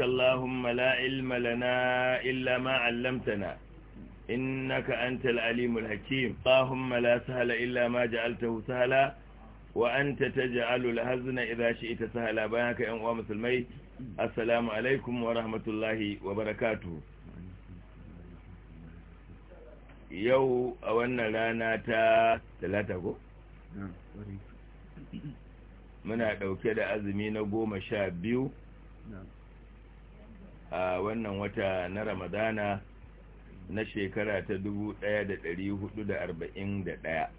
اللهم لا علم لنا إلا ما علمتنا إنك أنت العليم الحكيم اللهم لا سهل إلا ما جعلته سهلا وأنت تجعل الهزن إذا شئت سهلا بيانك يا أمام سلمي السلام عليكم ورحمة الله وبركاته yau a wannan rana ta talata ko? muna ɗauke da azumi na goma sha biyu a wannan wata na ramadana na shekara ta dubu ɗaya da da da ɗari hudu arba'in ɗaya.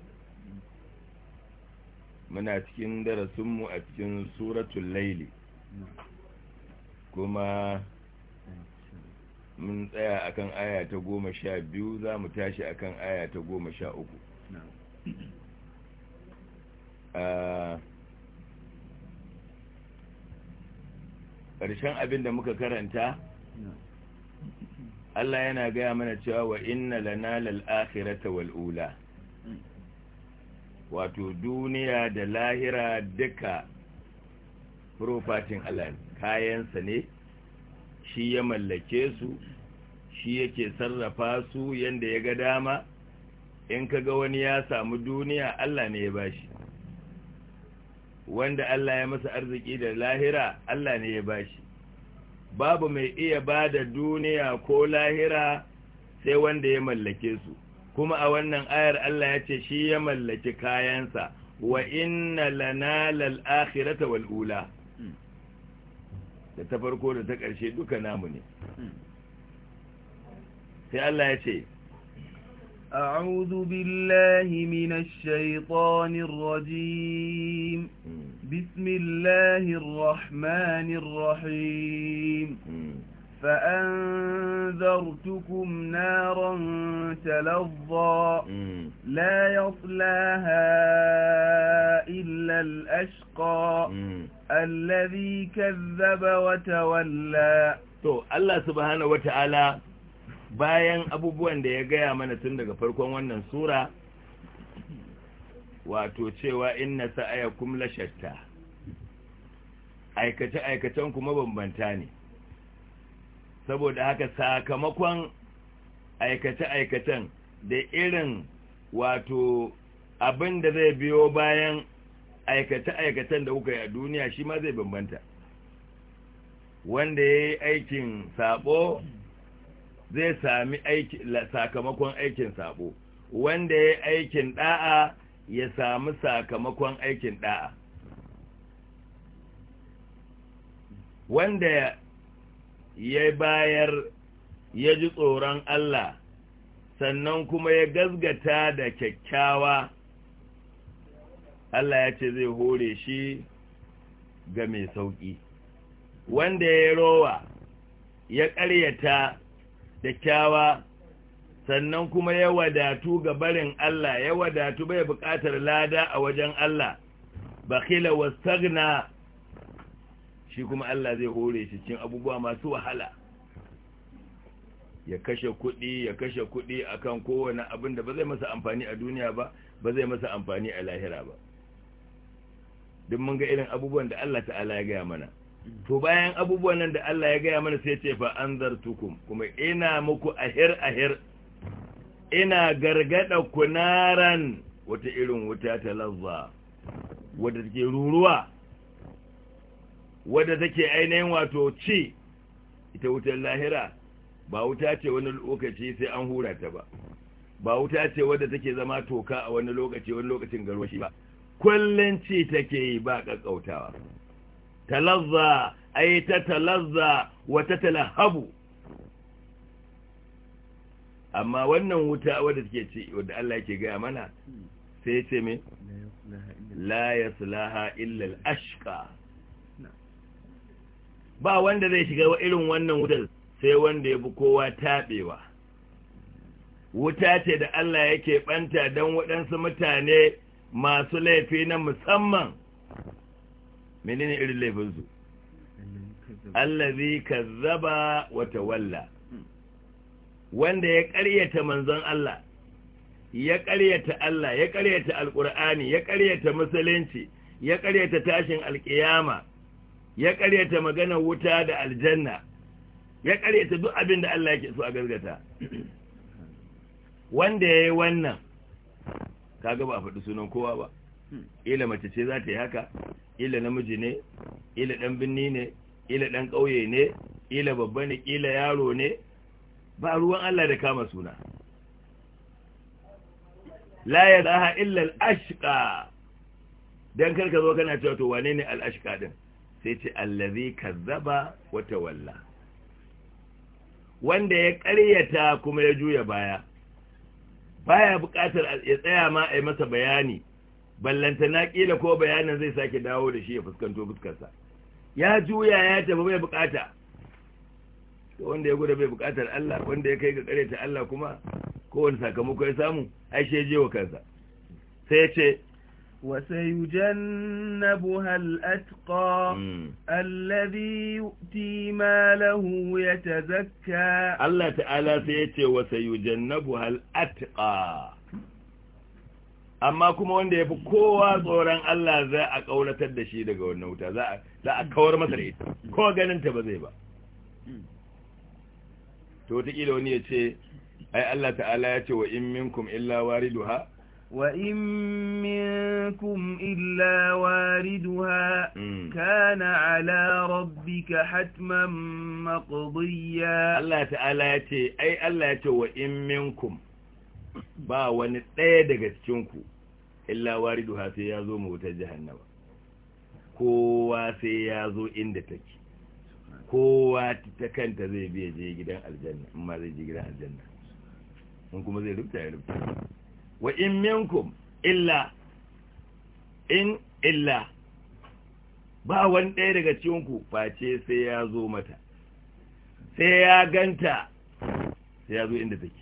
muna cikin darasinmu a cikin suratun laili kuma mun tsaya akan aya ta goma sha biyu za mu tashi akan aya ta goma sha uku ƙarshen abin da muka karanta Allah yana gaya mana cewa wa inna lana lal akhirata wal ula wato duniya da lahira duka profatin Allah kayansa ne shi ya mallake su shi yake sarrafa su yanda ya ga dama in kaga wani ya samu duniya Allah ne ya bashi wanda Allah ya masa arziki da lahira Allah ne ya bashi babu mai iya ba da duniya ko lahira sai wanda ya mallake su kuma a wannan ayar Allah ya ce shi ya mallaki kayansa wa inna lana lal akhirata wal ula da ta farko da ta ƙarshe duka namu ne sai Allah ya ce أعوذ بالله من بسم الله الرحمن الرحيم فأنذرتكم نارا تلظى لا يصلاها إلا الأشقى الذي كذب وتولى to Allah subhanahu wataala bayan abubuwan da ya gaya mana tun daga farkon wannan sura wato cewa inna sa'ayakum la shatta aikace aikacen kuma bambanta ne saboda haka sakamakon aikace aikacen da irin wato abin da zai biyo bayan aikace aikacen da kuka yi a duniya shi ma zai bambanta wanda ya yi aikin sabo zai sami sakamakon aikin sabo wanda ya yi aikin da'a ya samu sakamakon aikin ɗa'a wanda ya bayar ya ji tsoron Allah sannan kuma ya gazgata da kyakkyawa Allah ya ce zai hore shi ga mai sauƙi wanda ya rowa ya ƙaryata da kyawa sannan kuma ya wadatu ga barin Allah ya wadatu bai buƙatar lada a wajen Allah bakila wasagna shi kuma Allah zai hore shi cin abubuwa masu wahala ya kashe kuɗi ya kashe kuɗi akan kowane abin da ba zai masa amfani a duniya ba ba zai masa amfani a lahira ba duk mun ga irin abubuwan da Allah ta'ala ya gaya mana to bayan abubuwan nan da Allah ya gaya mana sai ce fa anzartukum kuma ina muku ahir ahir ina gargada kunaran wata irin wuta ta lazza wadda take ruruwa wadda take ainihin wato ci ita wutar lahira ba wuta ce wani lokaci sai an hura ta ba ba wuta ce wadda take zama toka a wani lokaci wani lokacin garwashi ba kullun ci take yi ba kakkautawa lazza ai ta talazza wa ta talahabu amma wannan wuta wadda suke ci wadda Allah yake gaya mana sai ya ce me la yaslaha illa al-ashqa ba wanda zai shiga irin wannan wutar sai wanda ya bi kowa tabewa wuta ce da Allah yake banta don waɗansu mutane masu laifi na musamman menene irin laifinsu allazi kazzaba wa tawalla wanda ya ƙaryata manzon Allah ya ƙaryata Allah ya ƙaryata alƙur'ani ya ƙaryata musulunci ya ƙaryata tashin alƙiyama ya ƙaryata maganar wuta da aljanna ya ƙaryata duk abin da Allah yake so a gargata wanda ya yi wannan kaga ba a faɗi sunan kowa ba ila mace ce za ta yi haka ila namiji ne ila ɗan binni ne ila ɗan ƙauye ne ila babba ne ila yaro ne ba ruwan Allah da kama suna la ya da illa al'ashika don karka zo kana cewa to wane ne al'ashika din sai ce allazi kazzaba wata walla wanda ya karyata kuma ya juya baya baya buƙatar ya tsaya ma a masa bayani ballanta na kila ko bayanin zai sake dawo da shi ya fuskanto fuskarsa ya juya ya tafi bai bukata wanda ya gudu bai bukatar Allah wanda ya kai ga ta Allah kuma kowane sakamako ya samu aishe shi je wa kansa sai ya ce وسيجنبها الأتقى hmm. Allah Ta'ala sai ya ce تعالى سيتي وسيجنبها الأتقى amma kuma wanda ya fi kowa tsoron Allah za a ƙaunatar da shi daga wannan wuta za a kawar masa da ita ko ganin ta ba zai ba to wataƙila wani ya ce ai Allah ta'ala ya ce wa in minkum illa wariduha wariduha mm. kana ala rabbika hatman maqdiya Allah ta'ala ya ce ai Allah ya ce wa in minkum ba wani ɗaya daga ku illa wariduha sai ya zo mu wutar jahannama kowa sai ya zo inda take kowa ta kanta zai biya je gidan aljanna amma zai je gidan aljanna in kuma zai rubuta ya rubuta wa in minkum illa in illa ba wani ɗaya daga cikinku face sai ya zo mata sai ya ganta sai ya zo inda take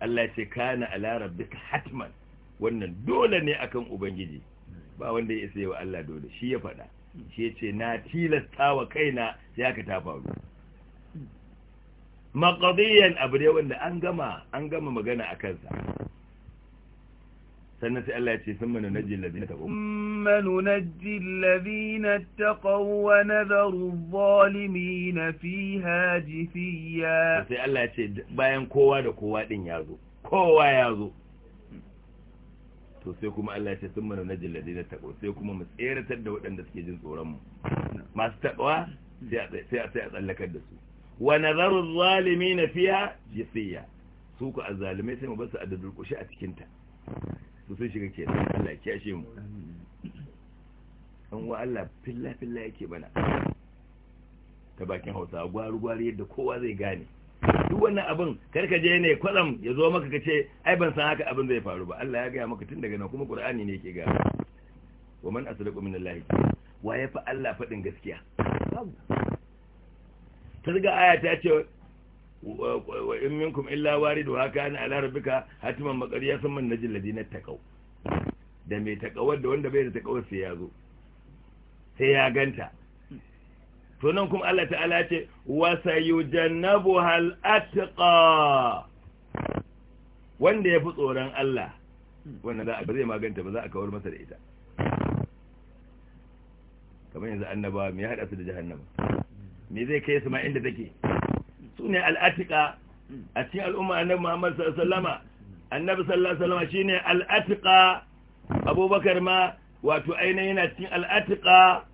Allah ce kana ala rabbika hatman wannan dole ne akan ubangiji ba wanda ya isa wa Allah dole shi ya faɗa shi ce na tilasta wa kaina ya ka ta faru maqdiyan abu ne wanda an gama an gama magana a kansa sannan sai Allah ya ce summa Sun manu na jin nunajji na taqaw wa nadharu na dhalimina fiha jithiya sai Allah ya ce bayan kowa da kowa din zo kowa zo to sai kuma Allah ya ce sun mana najin ladina taqwa sai kuma mu tseratar da waɗanda suke jin tsoron mu masu taqwa sai a sai a tsallakar da su wa nazaru zalimin fiha jisiya su ku azzalimai sai mu basu a dadurkushi a cikin ta su sun shiga ke Allah ya kiyashe mu an wa Allah filla filla yake bana ta bakin Hausa gwaru gwari yadda kowa zai gane duk wannan abin kar ka je ne kwalam ya zo maka ka ce ai ban san haka abin zai faru ba Allah ya gaya maka tun daga nan kuma Qur'ani ne yake ga wa man asdaqu min Allah wa ya fa Allah fadin gaskiya targa aya ta ce wa in minkum illa waridu haka ana ala rabbika hatiman maqariya samman najil ladina taqaw da mai taqawar da wanda bai da taqawar sai ya zo sai ya ganta to nan kuma Allah ta'ala ce wa sayujannabuha al-atqa wanda ya fi tsoron Allah wannan za a ba zai maganta ba za a kawar masa da ita kamar yanzu annaba me ya haɗa su da jahannama me zai kai su ma inda take su ne al'atika a cikin al'umma annabi muhammad sallama annabi sallallahu sallama shi ne al'atika abubakar ma wato ainihin yana cikin al'atika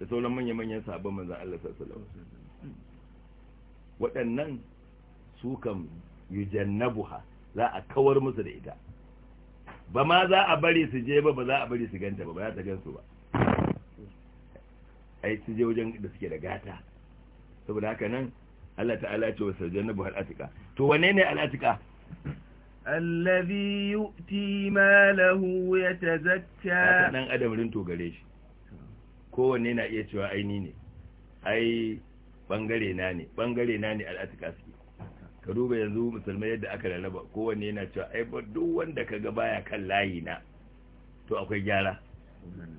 da sauran manya-manyan sabon manzan Allah sallallahu waɗannan su kam yujannabuha za a kawar musu da ita ba ma za a bari su je ba ba za a bari su ganta ba ba za ta gansu ba ai su je wajen da suke da gata saboda haka nan Allah ta'ala ce wa buhar atika to wanne ne al'atika allazi yu'ti malahu yatazakka dan adam rin to gare shi kowanne na iya cewa aini ne ai bangare na ne bangare na ne al'atika suke ka duba yanzu musulmai yadda aka rarraba kowanne yana cewa ai ba duk wanda ka ga baya kan layi na to akwai gyara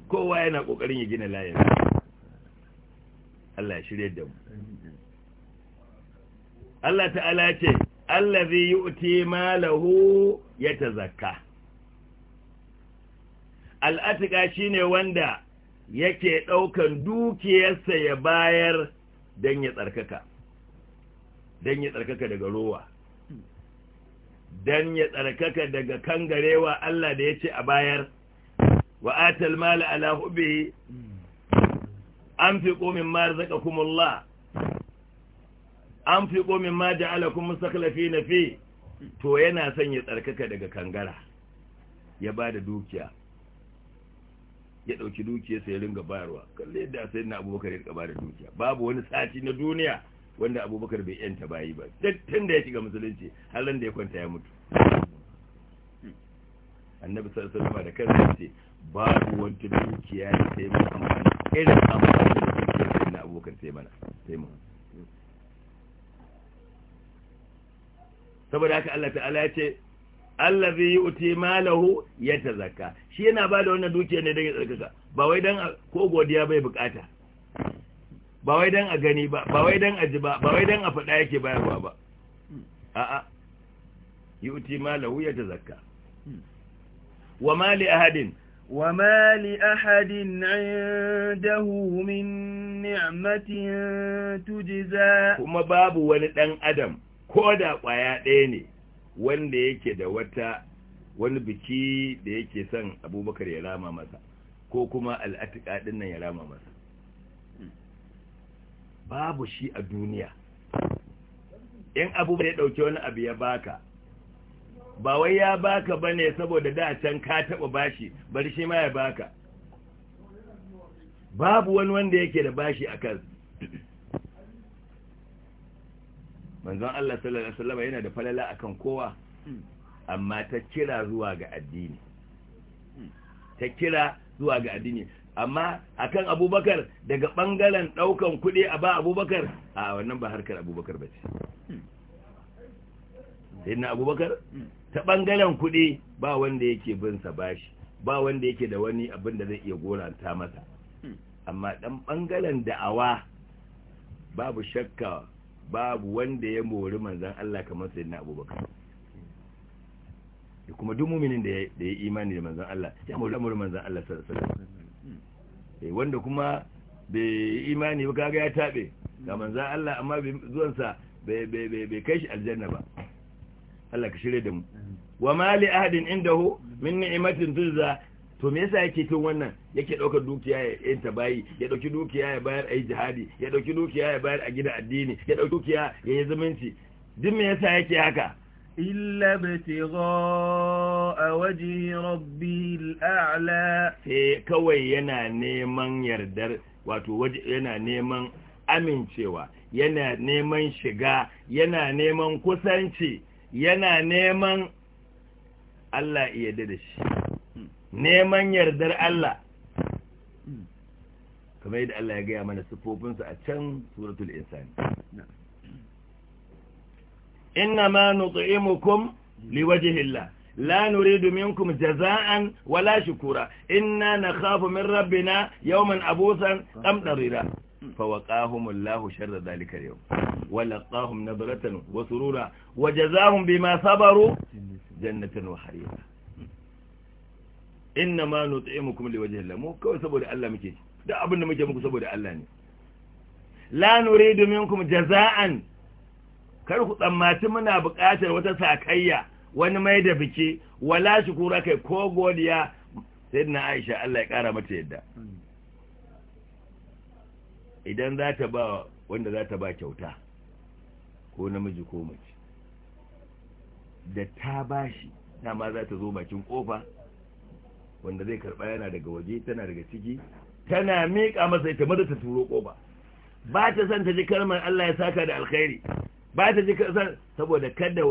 kowa yana kokarin ya gina layin Allah ya shirye da mu Allah ta'ala ce allazi yu'ti malahu yatazakka al'atika shine wanda yake ɗaukan dukiyarsa ya bayar don ya tsarkaka don ya tsarkaka daga rowa don ya tsarkaka daga kangarewa Allah da ya ce a bayar wa atal mala ala hubbi an fi komin ma zaka kumullah an fi komin ma ja'ala kuma saklafi na fi to yana son ya tsarkaka daga kangara ya ba da dukiya ya dauki dukiyarsa ya ringa bayarwa kalle yadda na abubakar ya ringa bada dukiya babu wani sati na duniya wanda abubakar bai yanta bayi ba dattin da ya shiga musulunci halin da ya kwanta ya mutu annabi sallallahu alaihi wasallam da kansa ce babu wata dukiya da sai mu amfani irin amfani da dukiyar na abubakar sai mana sai mu saboda haka Allah ta'ala ya ce allazi yu'ti malahu yatazakka shi yana ba da wannan dukiya ne daga tsarkaka ba wai dan ko godiya bai bukata ba wai dan a gani ba ba wai dan a ji ba ba wai dan a faɗa yake bayarwa ba a'a yu'ti malahu yatazakka wa wa mali ahadin وما لأحد kuma babu wani dan adam ko da أدم ɗaya ne. wanda yake da wata wani biki da yake son abubakar ya rama masa ko kuma al'atika dinnan nan ya rama masa babu shi a duniya in abubuwa ya dauke wani abu ya baka ba wai ya baka bane saboda da can ka taba bashi bari shi ma ya baka babu wani wanda yake da bashi a manzon Allah sallallahu alaihi wasallam yana da falala akan kowa amma ta kira zuwa ga addini ta kira zuwa ga addini amma akan abubakar daga bangaren daukan kudi a ba abubakar a wannan ba harkar abubakar ba ce sai abubakar ta bangaren kudi ba wanda yake bin sa bashi ba wanda yake da wani abin da zai iya goranta masa amma dan bangaren da'awa babu shakka babu wanda ya mori manzan Allah kamar sayyidina abubakar da kuma duk muminin da ya imani da manzan Allah ya mori manzan Allah sallallahu alaihi eh, wanda kuma bai imani ba kaga ya tabe ga manzan Allah amma zuwansa bai kai shi aljanna ba Allah ka shirye da mu wa mali ahadin indahu min ni'matin tuzza to me yasa yake kin wannan yake ɗaukar dukiya ya yanta bayi ya ɗauki dukiya ya bayar a jihadi ya ɗauki dukiya ya bayar a gida addini ya ɗauki dukiya ya yi zumunci duk me yasa yake haka illa إلا a وجه rabbil a'la sai kawai yana neman yardar wato waje yana neman amincewa yana neman shiga yana neman kusanci yana neman Allah iya da shi neman yardar Allah kamar yadda Allah ya gaya mana siffofinsa a can suratul insani inna ma nut'imukum liwajhillah la nuridu minkum jaza'an wala shukura inna nakhafu min rabbina yawman abusan qamdarira فوقاهم الله شر ذلك اليوم ولقاهم نظرة وسرورا وجزاهم بما صبروا جنة وحريرا inna ma nut'imukum Allah mu kawai saboda Allah muke duk abin da muke muku saboda Allah ne la nuridu minkum jaza'an kar ku tsammaci muna buƙatar wata sakayya wani mai da biki wala shukura kai ko godiya sayyidina Aisha Allah ya kara mata yadda idan za ta ba wanda za ta ba kyauta ko namiji ko mace da ta bashi dama za ta zo bakin kofa wanda zai karba yana daga waje tana daga ciki tana miƙa masa ita mada ta turo ƙoba ba ta san ta ji kalmar Allah ya saka da alkhairi ba ta ji san saboda kada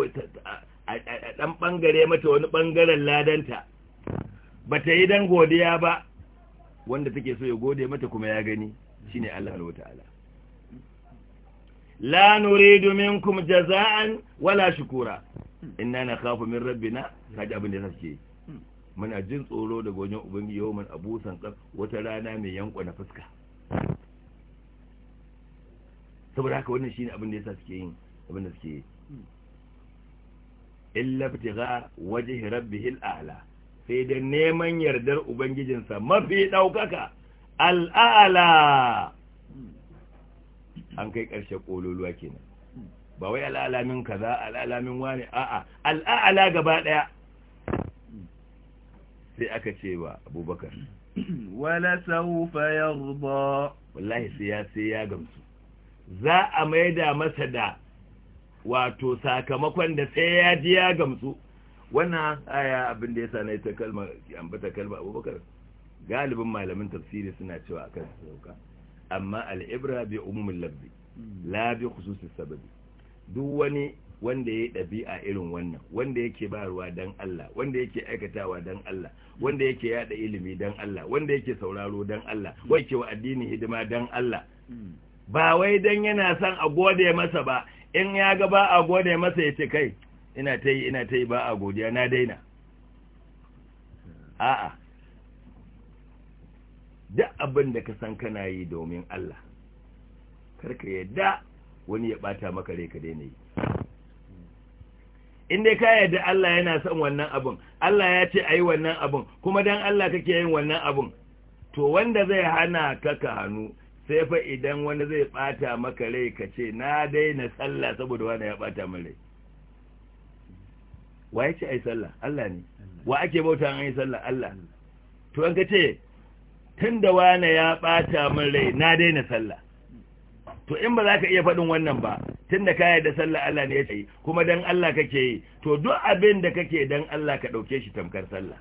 a dan bangare mata wani bangaren ladanta ba ta yi dan godiya ba wanda take so ya gode mata kuma ya gani shine Allah subhanahu wataala la nuridu minkum jaza'an wala shukura inna nakhafu min rabbina kaji abin da zai muna jin tsoro daga wajen ubangiji Abu abusan kan wata rana mai yanko na fuska saboda haka wannan shine abin da yasa suke yin abin da suke yi illa btiga wajhi rabbi hil'ala, sai da neman yardar ubangijinsa mafi daukaka al'ala an kai karshe kololuwa kenan ba wai al'alamin kaza al'alamin wani a'a al'ala gaba daya sai aka ce wa abubakar wala saufa rubo. wallahi sai ya sai ya gamsu za a maida masa da wato sakamakon da sai ya ji ya gamsu wannan aya abin da ya sa na ita kalma ambata kalma abubakar galibin malamin tafsiri suna cewa akan sauka amma al'ibra bi umumin labbi labi bi sababi duk wani wanda ya ɗabi'a irin wannan wanda yake bayarwa dan Allah wanda yake aikatawa dan Allah wanda yake yada ilimi dan Allah wanda yake sauraro dan Allah wake hmm. wa addini hidima dan Allah hmm. ba wai dan yana son a gode masa ba in ya ga ba a gode masa ya ce kai ina ta yi ina ta yi ba a godiya na daina hmm. a'a duk abin da ka san kana yi domin Allah karka yadda wani ya bata maka rai ka daina yi in dai ka yarda Allah yana son wannan abun Allah ya ce ayi wannan abun kuma dan Allah kake yin wannan abun to wanda zai hana ka ka hannu sai fa idan wani zai bata maka rai ka ce na daina sallah saboda wani ya bata min rai wa ya ce sallah Allah ne wa ake bauta an yi sallah Allah to an ka ce tunda wani ya bata min rai na daina sallah to in ba za ka iya faɗin wannan ba tun da ka da sallah Allah ne ya ce kuma dan Allah kake yi to duk abin da kake dan Allah ka ɗauke shi tamkar sallah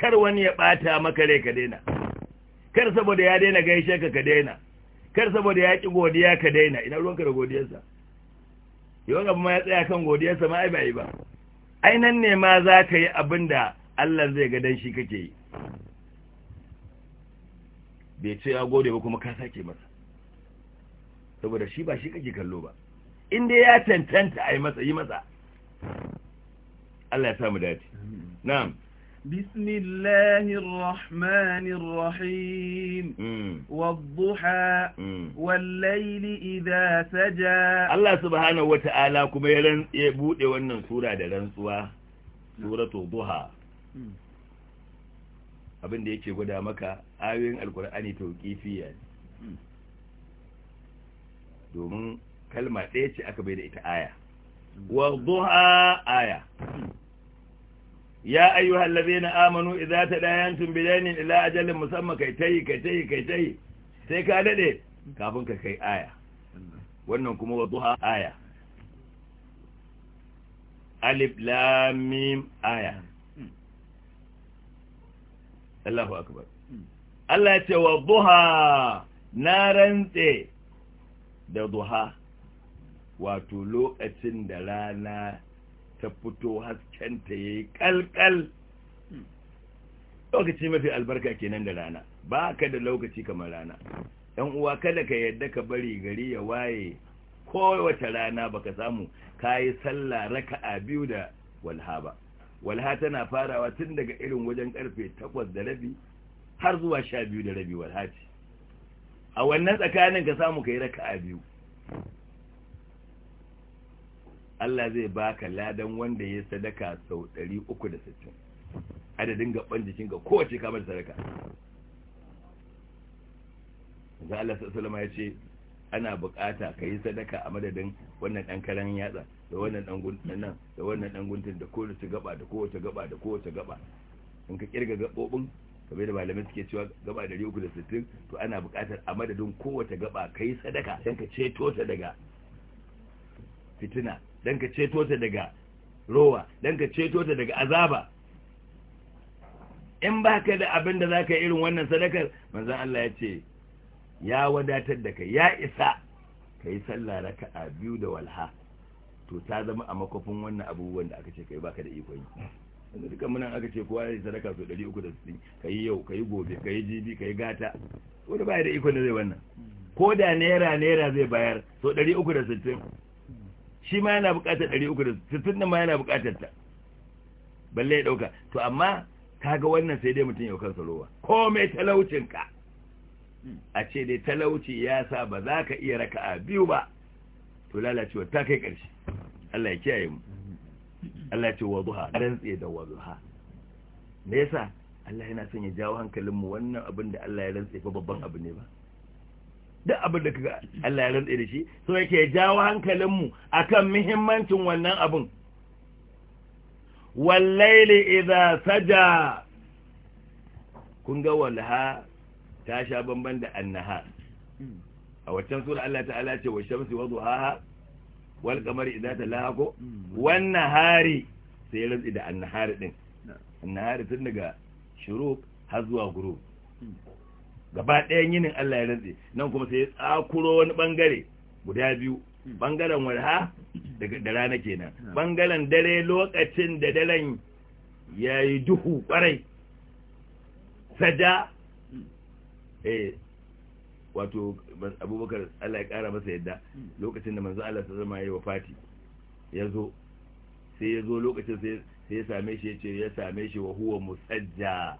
kar wani ya ɓata maka rai ka daina kar saboda ya daina gaishe ka ka daina kar saboda ya ki godiya ka daina ina ka da godiyarsa yau ga ma ya tsaya kan godiyarsa ma ai ba yi ba ai nan ne ma za ka yi abin da Allah zai ga dan shi kake yi bai ce ya gode ba kuma ka sake masa saboda shi ba shi kake kallo ba inda ya tantanta a yi masa yi masa Allah ya samu dace na'am بسم الله الرحمن الرحيم مم. والضحى مم. والليل إذا سجى الله سبحانه وتعالى كما يلن يبوت يوانا سورة دلن سوا سورة الضحى أبن ديكي yake gwada maka ayoyin alkur'ani domin kalma ɗaya ce aka bai da ita aya hmm. wa duha aya ya ayyuhal ladina amanu idza tadayantum bidainin ila ajalin musamma kai tayi kai tayi kai tayi sai ka dade kafin ka kai aya wannan kuma wa duha aya alif lam mim aya Allahu akbar hmm. Allah ya ce wa duha na rantse da duha wato lokacin da rana ta fito haskenta ya yi kalkal lokaci mafi albarka kenan da rana ba ka da lokaci kamar rana yan uwa kada ka yadda ka bari gari ya waye kowace rana baka samu ka yi sallah a biyu da walha ba walha tana farawa tun daga irin wajen karfe takwas da rabi har zuwa sha biyu da rabi walha ce a wannan tsakanin ka samu ka yi raka a biyu Allah zai baka ladan wanda ya sadaka sau 360 adadin gaban jikin ga kowace kamar sadaka za Allah sallama ya ce ana bukata ka yi sadaka a madadin wannan ɗan karan yatsa da wannan ɗan guntun nan da wannan ɗan guntun da kowace gaba da kowace gaba da kowace gaba in ka kirga gabobin kamar da malamai suke cewa gaba da sittin to ana buƙatar a madadin kowace gaba kai sadaka dan ka ceto ta daga fitina dan ka ceto ta daga rowa dan ka ceto ta daga azaba in baka da abin da zaka irin wannan sadakar manzan Allah ya ce ya wadatar da ka ya isa kai sallah raka'a biyu da walha to ta zama a makofin wannan abubuwan da aka ce kai baka da ikon yanzu duka muna aka ce kowa ya sadaka sau ɗari uku da sittin ka yi yau ka yi gobe ka yi jibi ka yi gata wani baya da ikon da zai wannan ko da naira naira zai bayar sau ɗari uku da sittin shi ma yana buƙatar ɗari uku da sittin ma yana buƙatar ta balle ya ɗauka to amma ka ga wannan sai dai mutum yau kansa rowa ko mai talaucinka a ce dai talauci ya sa ba za ka iya raka'a biyu ba to lalacewa ta kai ƙarshe Allah ya kiyaye mu Allah ya ce wa duha rantsi da wa duha me yasa Allah yana son ya jawo hankalin mu wannan abin da Allah ya rantsi fa babban abu ne ba duk abin da kaga Allah ya rantsi da shi so yake ya jawo hankalin mu akan muhimmancin wannan abin wallaili idza saja kun ga walha ta sha bamban da annaha a waccan sura Allah ta'ala ce wa shamsi wa duhaha wal kamar idza talaha ko mm. wan nahari sai ya rantsi da annahari din annahari tun daga shuruq har zuwa gurub gaba ɗayan yinin Allah ya rantsi nan kuma sai ya tsakuro wani bangare guda biyu bangaren walha da rana kenan bangaren dare lokacin da daren yayi duhu kwarai sada eh wato abubakar Allah ya kara masa yadda hmm. lokacin da manzo Allah ta zama yayi wafati ya zo sai ya zo lokacin sai ya same shi ya ya same shi wa huwa musajja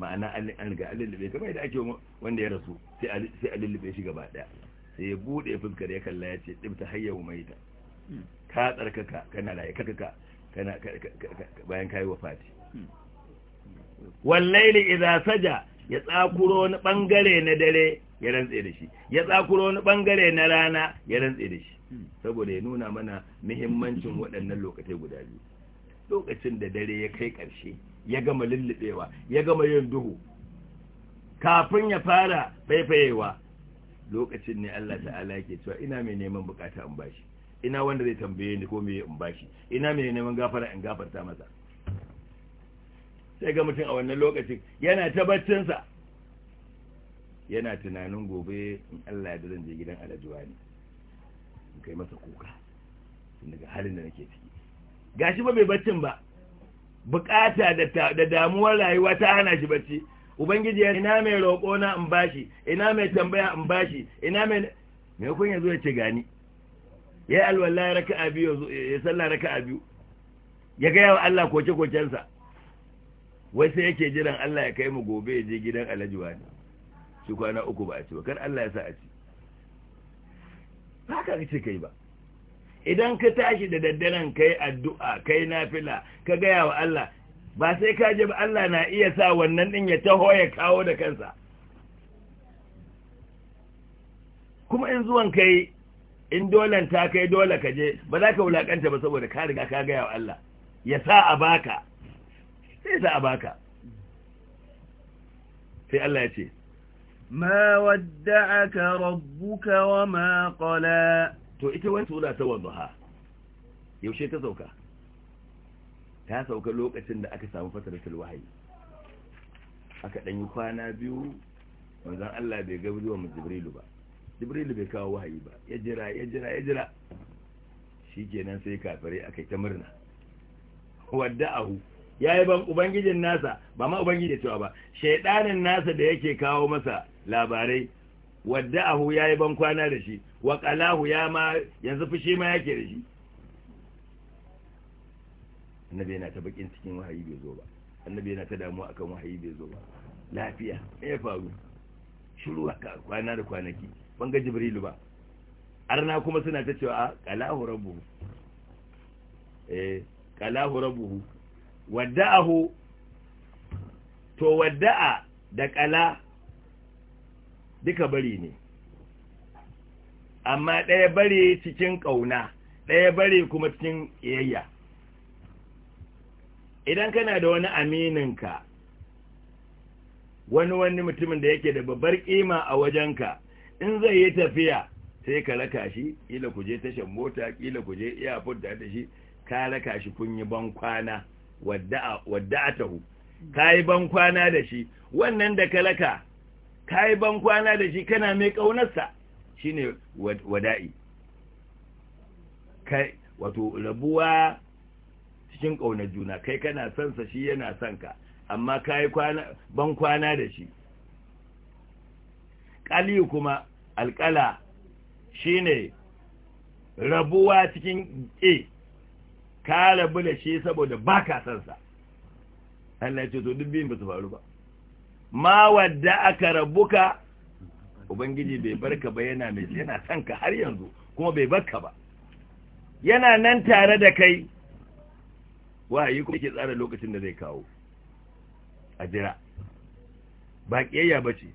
ma'ana an ga bai kamar yadda ake wanda ya rasu sai bai shi gaba daya sai ya bude fuskar ya kalla ya ce dibta hayya umaita hmm. ka tsarkaka kana laye kaka kana bayan kai wafati hmm. wallahi idza saja ya tsakuro wani bangare na dare ya rantse da shi ya tsakuro wani bangare na rana ya rantse da shi saboda ya nuna mana muhimmancin waɗannan lokacin guda biyu lokacin da dare ya kai ƙarshe ya gama lullubewa ya gama yin duhu kafin ya fara faifayewa lokacin ne Allah ta'ala yake cewa ina mai neman bukata in bashi ina wanda zai tambaye ni ko me in bashi ina mai neman gafara in gafarta masa sai ga mutum a wannan lokacin yana ta sa yana tunanin gobe in Allah ya zan je gidan alajuwa ne in kai masa kuka tun daga halin da nake ciki gashi ba mai baccin ba bukata da damuwar rayuwa ta hana shi bacci ubangiji ya ina mai roƙo na in bashi ina mai tambaya in bashi ina mai me kun yazo ya ce gani ya alwala raka'a biyu ya sallah raka'a biyu ya ga yawa Allah koke kokensa wai sai yake jiran Allah ya kai mu gobe ya je gidan alajuwa ne shi kwana uku ba a ci ba kar Allah ya sa a ci Ba ka ce kai ba idan ka tashi da daddaren kai addu'a kai nafila ka gaya wa Allah ba sai ka ji ba Allah na iya sa wannan din ya taho ya kawo da kansa kuma in zuwan kai in dolan ta kai dole ka je ba za ka wulakanta ba saboda ka riga ka gaya wa Allah ya sa a baka sai sa a baka sai Allah ya ce ما ودعك ربك وما قلا to ita wani sura ta wadduha yaushe ta sauka ta sauka lokacin da aka samu fataratul wahayi aka dan yi kwana biyu manzon Allah bai ga zuwa mu Jibrilu ba Jibrilu bai kawo wahayi ba ya jira ya jira ya jira Shi shikenan sai kafare aka yi ta murna Wadda wadda'ahu yayi ban ubangijin nasa ba ma ubangiji cewa ba Shaidanin nasa da yake kawo masa labarai wadda ahu ya yi bankwana da shi wa ya ma yanzu fushi ma yake da shi annabi yana ta bakin cikin wahayi bai zo ba annabi yana ta damuwa akan wahayi bai zo ba lafiya me ya faru shiru haka kwana da kwanaki ban ga jibrilu ba arna kuma suna ta cewa a ah, qalahu rabbuhu eh qalahu rabbuhu wadda'ahu to wadda'a da qala duka bari ne amma ɗaya bari cikin ƙauna ɗaya bari kuma cikin yayya. idan kana da wani amininka wani wani mutumin da yake da babbar ƙima a wajenka in zai yi tafiya sai ka raka shi ƙila ku je tashan mota kila ku je iya da da shi ka raka shi kun yi ban kwana wadda a tahu ka yi ban kwana da shi wannan da ka raka ka yi ban kwana da shi kana mai ƙaunarsa shi ne wada'i kai wato rabuwa cikin ƙaunar juna kai kana sansa shi yana son ka amma ka yi ban kwana da shi ƙali kuma alƙala shi ne rabuwa cikin ƙe ka rabu da shi saboda ba ka sansa Allah ya ce to duk biyun ba su faru ba ma wadda aka rabuka ubangiji bai barka ba yana mai yana son ka har yanzu kuma bai barka ba yana nan tare da kai wahayi kuma yake tsara lokacin da zai kawo a jira ba kiyayya ba ce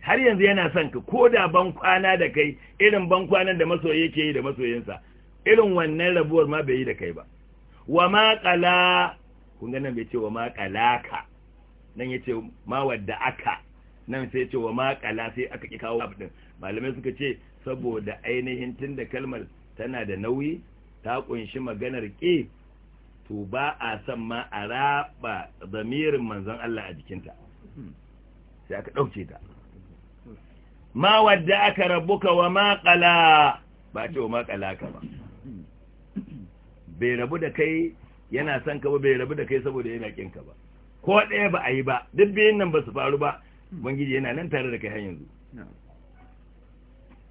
har yanzu yana son ka ko da ban kwana da kai irin ban kwanan da masoyi yake yi da masoyinsa irin wannan rabuwar ma bai yi da kai ba wa maƙala. kun ga nan bai ce wa ma nan ya ce ma wadda aka nan sai ce wa makala sai aka ki kawo abin malamai suka ce saboda ainihin tun da kalmar tana da nauyi ta kunshi maganar ƙi to ba a san ma a raba zamirin manzon Allah a jikinta sai aka ɗauke ta ma wadda aka rabuka wa maƙala ba ce wa maƙala ka ba bai rabu da kai yana son ka ba bai rabu da kai saboda yana ƙinka ba ko ɗaya ba a yi ba duk biyun nan ba su faru ba Bangiji yana nan tare da kai har yanzu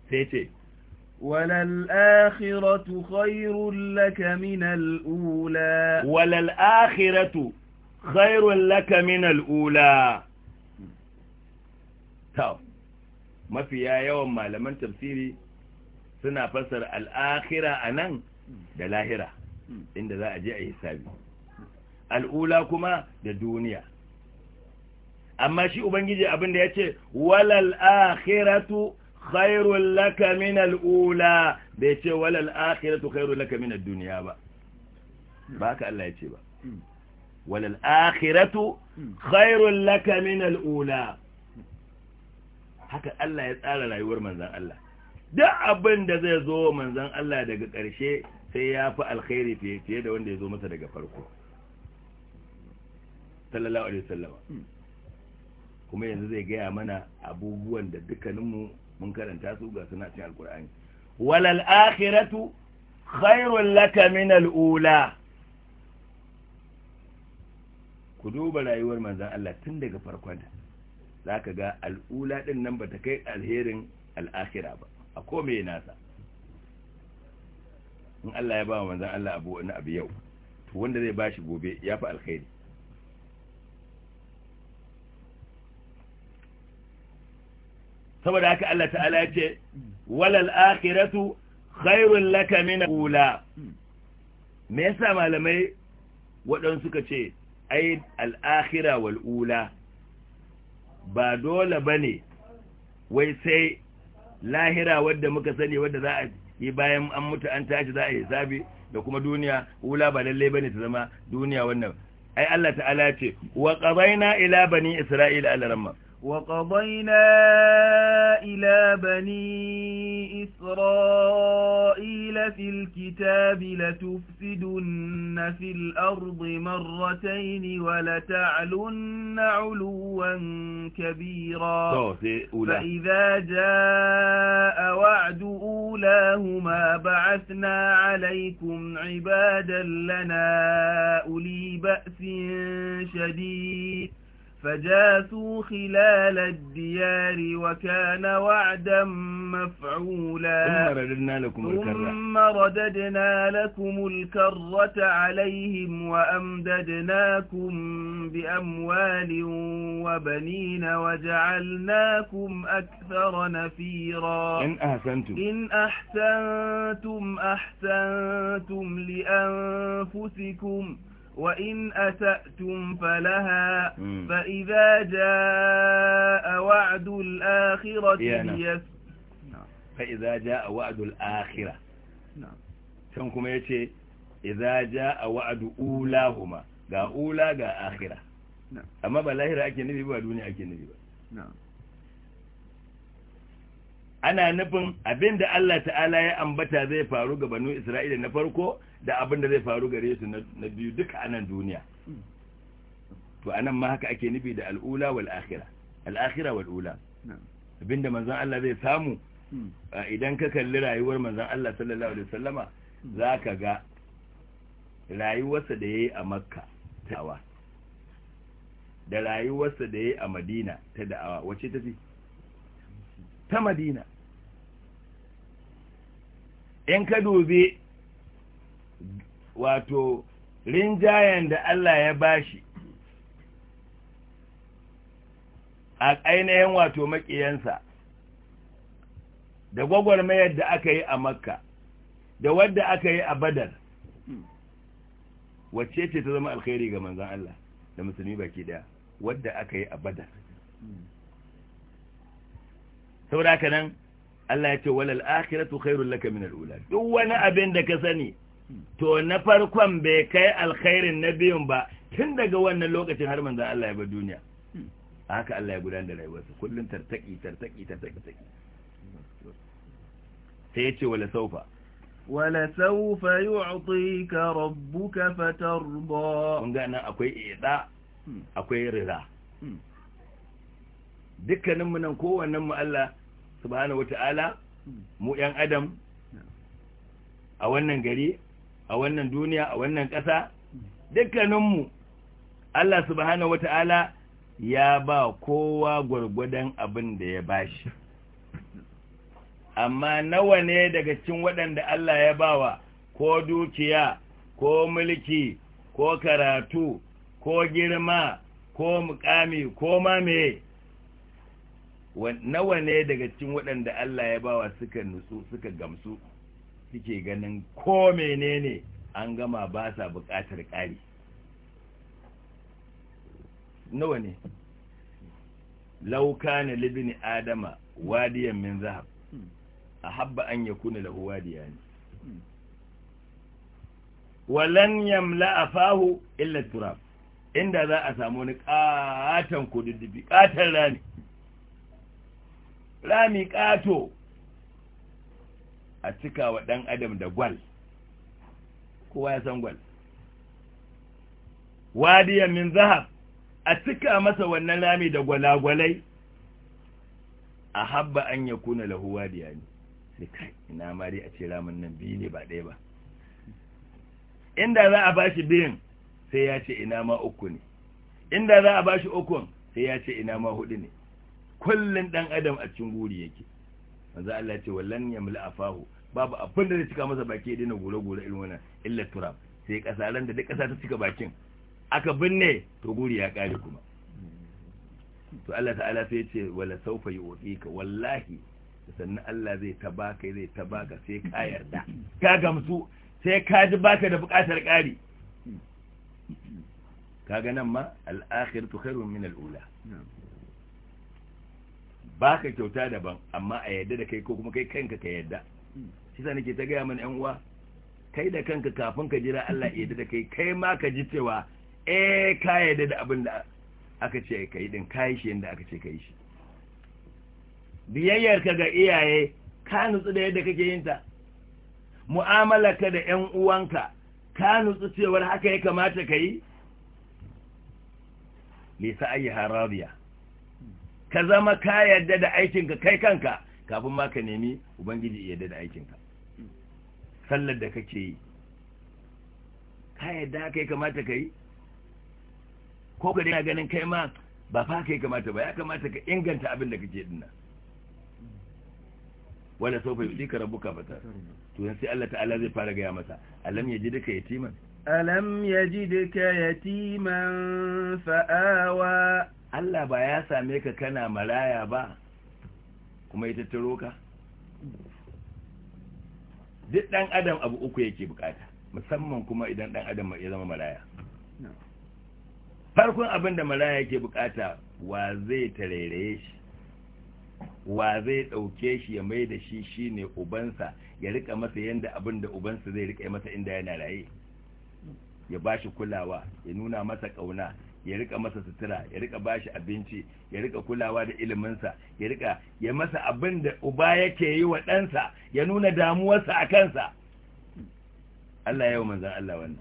sai ce walal akhiratu khairul laka min al ula walal akhiratu khairul laka min al ula mafiya yawan malaman tafsiri suna fasar al anan da lahira hmm. inda za a je a yi hisabi al'ula kuma da duniya amma shi ubangiji abinda ya ce walal akhiratu khairul laka min al'ula bai ce walal akhiratu khairul laka min ad-dunya ba ba ka Allah ya ce ba walal akhiratu khairul laka min al'ula haka Allah ya tsara rayuwar manzon Allah duk abin da zai zo manzon Allah daga ƙarshe sai ya fi alkhairi fiye da wanda ya zo masa daga farko sallallahu alaihi kuma yanzu zai gaya mana abubuwan da dukkaninmu mun karanta su ga suna cin alkur'ani walal akhiratu khairul laka min al'ula ku duba rayuwar manzon Allah tun daga farkon za ka ga al'ula din nan ba ta kai alherin al'akhira ba a kome nasa in Allah ya ba manzon Allah abu wani abu yau to wanda zai bashi gobe ya fi alkhairi saboda haka Allah ta'ala ya ce walal akhiratu khairun laka min ula me yasa malamai waɗansu suka ce ai al'ahira wal ula ba dole bane wai sai lahira wadda muka sani wadda za a yi bayan an mutu an tashi za a yi zabi da kuma duniya ula ba lalle bane ta zama duniya wannan ai Allah ta'ala ce wa qadaina ila bani isra'ila alaramma وقضينا إلى بني إسرائيل في الكتاب لتفسدن في الأرض مرتين ولتعلن علوا كبيرا فإذا جاء وعد أولاهما بعثنا عليكم عبادا لنا أولي بأس شديد فجاسوا خلال الديار وكان وعدا مفعولا ثم رددنا لكم الكرة ثم رددنا لكم الكرة عليهم وأمددناكم بأموال وبنين وجعلناكم أكثر نفيرا إن أحسنتم إن أحسنتم أحسنتم لأنفسكم وإن أسأتم فلها فإذا جاء وعد الآخرة بيس فإذا جاء وعد الآخرة can kuma ya ce idza jaa wa'du ulahuma ga ula ga akhira amma ba lahira ake nufi ba duniya ake nufi ana nufin abin da Allah ta'ala ya ambata zai faru ga banu Isra'ila na farko da abin da zai faru gare su na biyu duka a nan duniya to anan ma haka ake nufi da al'ula wal akhira al'akhira wal ula abinda manzon Allah zai samu hmm. idan ka kalli rayuwar manzon Allah sallallahu alaihi wasallama hmm. zaka ga rayuwarsa da yayi a Makka tawa da rayuwarsa da yayi a Madina ta da'awa wace tafi ta Madina in ka dubi wato rinjayen da Allah ya bashi a ainihin wato makiyansa, da gwagwarmayar da aka yi a makka da wadda aka yi a badar wacce ce ta zama alkhairi ga manzan Allah da musulmi baki daya wadda aka yi a badar saboda haka nan Allah ya ce walal akhiratu khairul laka min al-ula duk wani abin da ka sani to na farkon bai kai alkhairin na biyun ba tun daga wannan lokacin har manzo Allah ya bar duniya haka Allah ya gudanar da rayuwarsa kullun tartaki tartaki tartaki tartaki sai ya ce wala saufa wala saufa yu'tika rabbuka fatarda kun ga nan akwai ida akwai rida hmm. dukkanin mu nan kowannen mu Allah subhanahu wata'ala mu yan adam a wannan gari a wannan duniya a wannan ƙasa dukkaninmu Allah subhanahu wata'ala ya ba kowa gwargwadon abin da ya bashi amma nawa ne daga cikin waɗanda Allah ya bawa ko dukiya ko mulki ko karatu ko girma ko mukami ko mame nawa ne daga cikin waɗanda Allah ya bawa suka nutsu suka gamsu suke ganin ko menene an gama ba sa buƙatar ƙari nawa ne lauka na adama wadiyan min zahab a habba an ya kuna lahu wadiya ne walan yamla afahu illa turab inda za a samu wani ƙatan kududdufi ƙatan rani rami ƙato a cika wa ɗan adam da gwal kowa ya san gwal wadiyan min zahab a cika masa wannan rami da gwalagwalai a habba an ya kuna lahu wadiya ne sai kai ina ma dai a ce ramin nan biyu ne ba ɗaya ba inda za a bashi biyun sai ya ce ina ma uku ne inda za a bashi ukun sai ya ce ina ma hudu ne kullun dan adam a cikin guri yake manzo Allah ya ce wallan yamla afahu babu abin da zai cika masa baki ya daina gure gure irin wannan illa turab sai kasaran da duk kasa ta cika bakin aka binne to guri ya kare kuma to Allah ta'ala sai ya ce wala sawfa yu'tika wallahi sannan Allah zai tabaka zai tabaka sai ka yarda ka gamsu sai ka ji baka da bukatar kari kaga nan ma al-akhiratu khairun min al-ula baka kyauta daban amma a yadda da kai ko kuma kai kanka ka yadda shi sa nake ta gaya mana yan uwa kai da kanka kafin ka jira Allah ya yadda da kai kai ma ka ji cewa eh ka yadda da abin da aka ce kai din kai shi yadda aka ce kai shi biyayyar ka ga iyaye ka nutsu da yadda kake yin ta mu'amala ka da yan uwanka ka nutsu cewar haka ya kamata ka yi lisa ayyaha radiya ka zama ka yarda da aikinka kai kanka kafin ma ka nemi ubangiji yarda da aikinka sallar da kake yi ka yarda kai kamata ka yi ko ka daina ganin kai ma ba fa ka kamata ba ya kamata ka inganta abin da kake dinna wala sau fa yi ka rabuka fata to sai Allah ta'ala zai fara gaya masa alam ya ji duka yatiman alam ya ji duka yatiman fa'awa Allah ba ya same ka kana maraya ba kuma ya tattaro ka duk dan adam abu uku yake bukata musamman kuma idan dan adam ya zama maraya farkon abin da maraya yake bukata wa zai tarairaye shi wa zai dauke shi ya mai da shi shine ubansa ya rika masa yadda abin da ubansa zai rika masa inda yana raye ya bashi kulawa ya nuna masa ƙauna ya rika masa sutura ya rika bashi abinci ya rika kulawa da iliminsa ya rika ya masa abin da uba yake yi wa ɗansa ya nuna damuwarsa a kansa Allah ya Allah wannan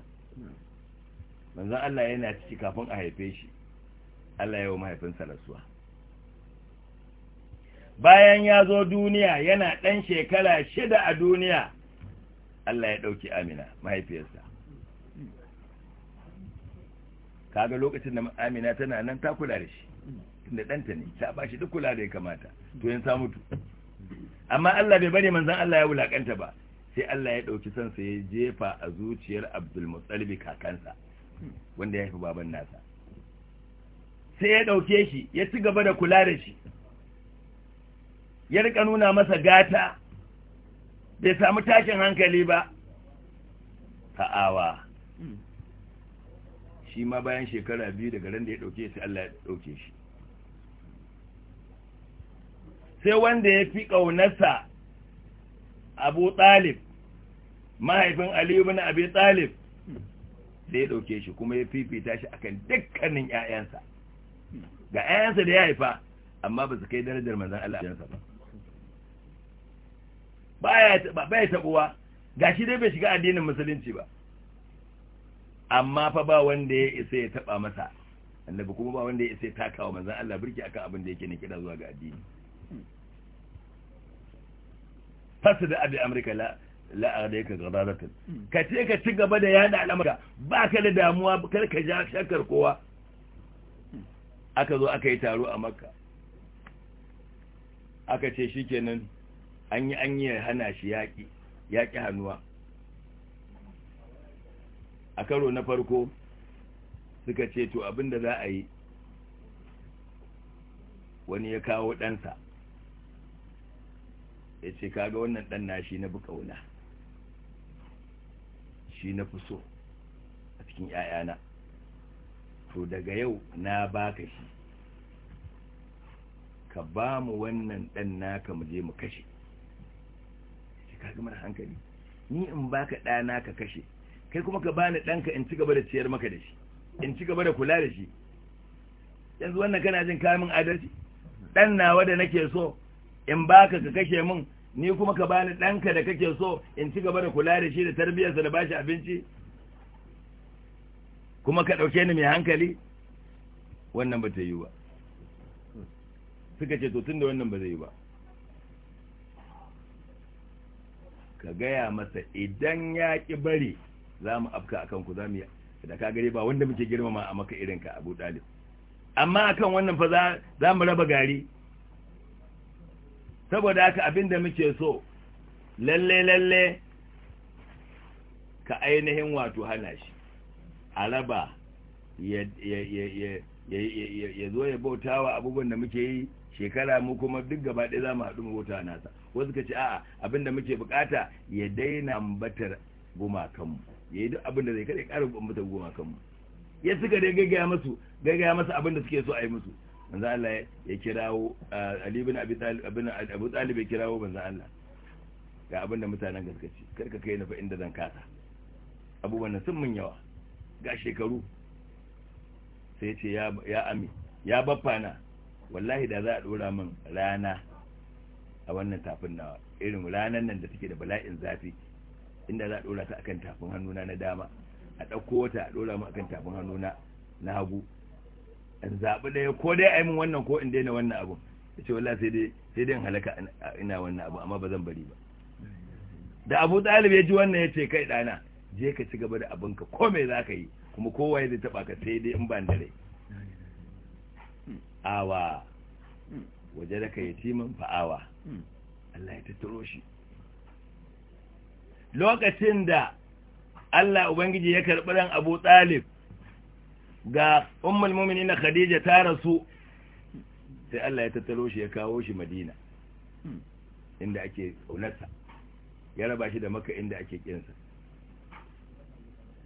manzan Allah yana ciki kafin a haife shi Allah ya yi mahaifinsa rasuwa bayan ya zo duniya yana ɗan shekara shida a duniya Allah ya ɗauki amina mahaifiyarsa kaga lokacin da amina tana nan ta kula da shi tunda ɗanta ne ta ba shi duk kula da ya kamata to yin samu mutu amma Allah bai bari manzon Allah ya wulakanta ba sai Allah ya ɗauki sa ya jefa a zuciyar Abdul Muttalib kakansa wanda ya fi baban nasa sai ya ɗauke shi ya ci gaba da kula da shi ya rika nuna masa gata bai samu tashin hankali ba ta'awa shi ma bayan shekara biyu daga ran da ya ɗauke sai Allah ya ɗauke shi sai wanda ya fi ƙaunarsa abu ɗalib mahaifin aliyu bin abu ɗalib sai ya ɗauke shi kuma ya fifita shi akan dukkanin ‘ya'yansa ga ‘ya'yansa da ya haifa amma ba su kai darajar manzon allah ba ba ya tabuwa ga shi dai bai shiga addinin musulunci ba amma fa ba wanda ya isa ya taba masa annabi kuma ba wanda ya isa ya taka wa manzon Allah birki akan abin da yake ne kira zuwa ga addini fasu da abin amurka la'adaika gabaratin hmm. ka ce ka ci gaba da yada al'amurka ba ka da damuwa kar ka ja shakar kowa hmm. aka zo aka yi taro a makka aka ce shi kenan an yi an yi hana shi yaki yaƙi hannuwa a karo na farko suka ce to da za a yi wani ya kawo ɗansa ya ce kaga wannan ɗan na shi na buƙauna shi na fi so a cikin ‘ya'yana to daga yau na baka shi ka ba mu wannan ɗan naka mu je mu kashe shi kaga mara hankali ni in baka ɗana ka kashe kai kuma ka bani ɗanka in ci gaba da ciyar maka da shi in ci gaba da kula da shi yanzu wannan kana jin kamin adalci ɗan nawa da nake so in baka ka kashe min ni kuma ka bani ɗanka da kake so in ci gaba da kula da shi da tarbiyyarsa da bashi abinci kuma ka ɗauke ni mai hankali wannan ba ta yi ba suka ce to tun da wannan ba zai yi ba ka gaya masa idan ya ƙi bari za mu afka a ku za mu yi da ka gare ba wanda muke girmama a maka irin ka Abu Talib amma a kan wannan fa za mu raba gari saboda haka da muke so lalle lalle ka ainihin wato hana shi a raba ya zo ya bauta wa abubuwan da muke yi shekara mu kuma duk gaba ɗaya za mu haɗu mu bauta nasa wasu ka ce a'a abinda muke bukata ya daina ambatar gumakanmu ya yi duk abin da zai kare ya ƙara bambata goma kanmu ya suka dai gaggaya masu gaggaya masu abin da suke so a yi musu manzo Allah ya kirawo eh, Ali bin Abi Talib bin Abu Talib ya kirawo manzo Allah ga abin da mutanen gaskaci karka kai na fa inda zan kasa abubuwan nan sun mun yawa ga shekaru sai ce ya ya ami ya baffana wallahi da za a dora min rana a wannan tafin nawa irin ranan nan da take da bala'in zafi inda za a dora ta akan tafin hannuna na dama a ɗauko wata a dora mu akan tafin hannuna na hagu in zaɓi ɗaya ko dai a yi min wannan ko in daina wannan abu ya ce wallah sai dai sai dai in halaka ina wannan abu amma ba zan bari ba da abu ɗalib ya ji wannan ya ce kai ɗana je ka ci gaba da abinka ko me za ka yi kuma kowa ya zai taɓa ka sai dai in ban da rai awa waje da ka yatiman fa'awa hmm. Allah ya tattaro shi lokacin da Allah Ubangiji ya karɓi ran Abu Talib ga ummul na Khadija ta rasu sai Allah ya tattaro shi ya kawo shi Madina inda ake ƙaunarsa ya raba shi da maka inda ake kinsa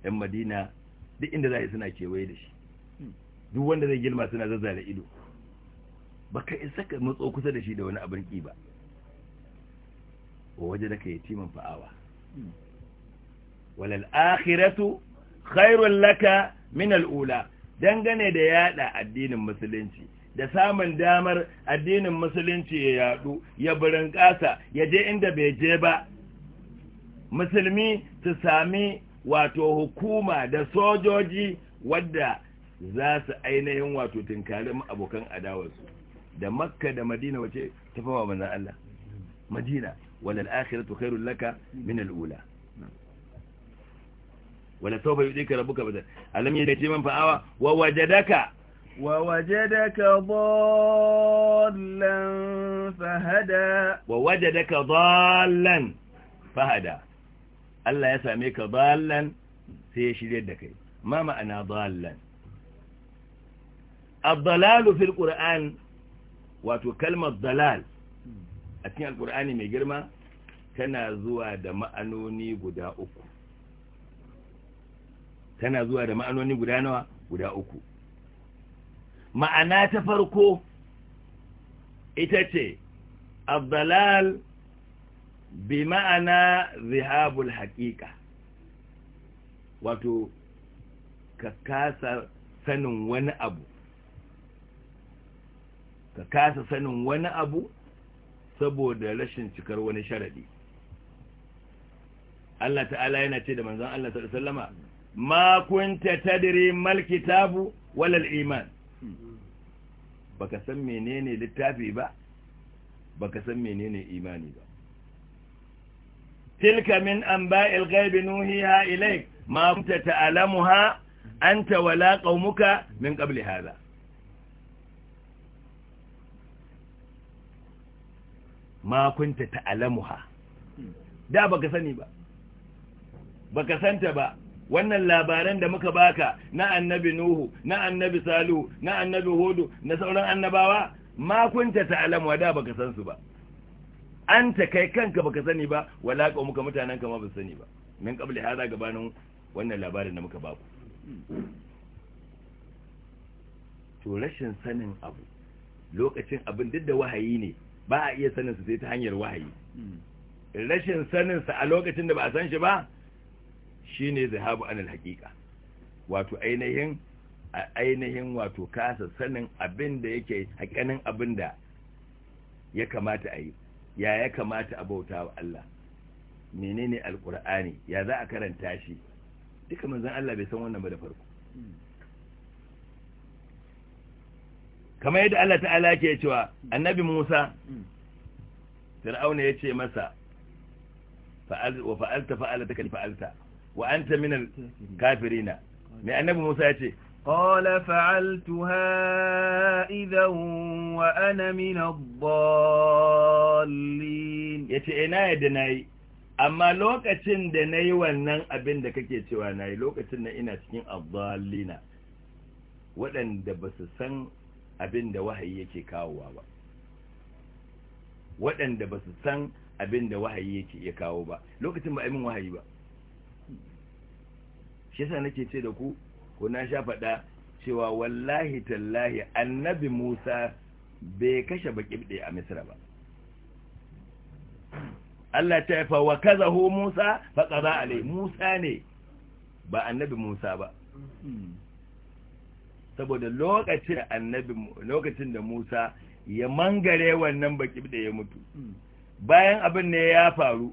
‘yan Madina duk inda za suna kewaye da shi duk wanda zai girma suna zazzara ido baka isa ka matso kusa da shi da wani abin ƙi ba waje da ka yi timan fa'awa walal akhiratu khairul laka min al'ula dangane da yada addinin musulunci da samun damar addinin musulunci ya yadu ya burin kasa ya je inda bai je ba musulmi su sami wato hukuma da sojoji wadda za su ainihin wato tunkarin abokan adawarsu da makka da madina wace tafawa manzan Allah madina وللآخرة خير لك من الأولى ولسوف يؤتيك ربك بدل ألم من فآوى ووجدك ووجدك ضالا فهدى ووجدك ضالا فهدى ألا يساميك ضالا سيشير يدك ما معنى ضالا الضلال في القرآن وتكلمة ضلال a cikin alkur'ani mai girma tana zuwa da ma'anoni guda uku tana zuwa da ma'anoni guda nawa guda uku ma'ana ta farko ita ce abdalal bi ma'ana zihabul haƙiƙa wato ka kasa sanin wani abu ka kasa sanin wani abu saboda rashin cikar wani sharadi Allah ta'ala yana ce da manzan Allah sallallahu alaihi wasallama ma kunta tadri mal kitabu wala al iman baka san menene littafi ba baka san menene imani ba tilka min anba'il ghaibi nuhiha ilayk ma kunta ta'lamuha anta wala qaumuka min qabli hadha ma kunta ta'lamuha da baka sani ba baka santa ba wannan labaran da muka baka na annabi nuhu na annabi salihu na annabi hudu na sauran annabawa ma kunta ta'lamuha da baka san su ba an ta kai kanka baka sani ba wala muka mutanen ka ma ba sani ba min qabli hada gabanin wannan labarin da muka baku to rashin sanin abu lokacin abin duk da wahayi ne ba a iya saninsa sai ta hanyar wahayi hmm. rashin saninsa a lokacin da ba a san shi ba shi ne zahabu anil haƙiƙa wato ainihin ainihin wato kasa sanin abin da yake haƙanin abin da ya kamata a yi ya ya kamata a bauta wa Allah menene alƙur'ani ya za a karanta shi duka manzon Allah bai san wannan ba da farko hmm. kamar yadda Allah ta'ala ke cewa annabi Musa Fir'auna ya ce masa fa'alta fa'alta kal fa'alta wa anta min al kafirina me annabi Musa ya ce قال فعلتها إذا وأنا من الضالين yace ina yadda nayi amma lokacin da nayi wannan abin da kake cewa nayi lokacin na ina cikin ad-dallina waɗanda ba su san abin da wahayi yake kawowa ba waɗanda ba su san abin da wahayi yake iya kawo ba lokacin ba aimin wahayi ba shi yasa nake ce da ku ko na sha faɗa cewa wallahi tallahi annabi Musa bai kashe baƙibɗe a Misra ba Allah ta yafa wa ho Musa faƙaza alai Musa ne ba annabi Musa ba saboda lokacin annabi lokacin da Musa ya mangare wannan baki da ya mutu hmm. bayan abin ne ya faru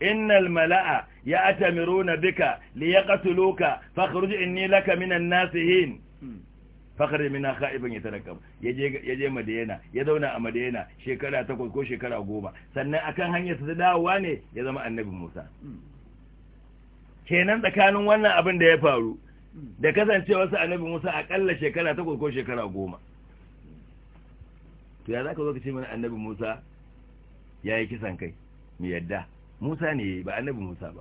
innal mala'a ya atamiruna bika li yaqtuluka fakhruj inni laka minan nasihin hmm. fakhruj min khaibin yatarakam yaje yaje madina ya zauna a madina shekara takwas ko shekara goma. sannan akan hanyar ta dawowa ne ya zama annabi Musa hmm. kenan tsakanin wannan abin da ya faru da sa annabi musa akalla shekara ta ko shekara goma to ya za ka zo ka ce mana annabi musa ya yi kisan kai mu yadda musa ne ba annabi musa ba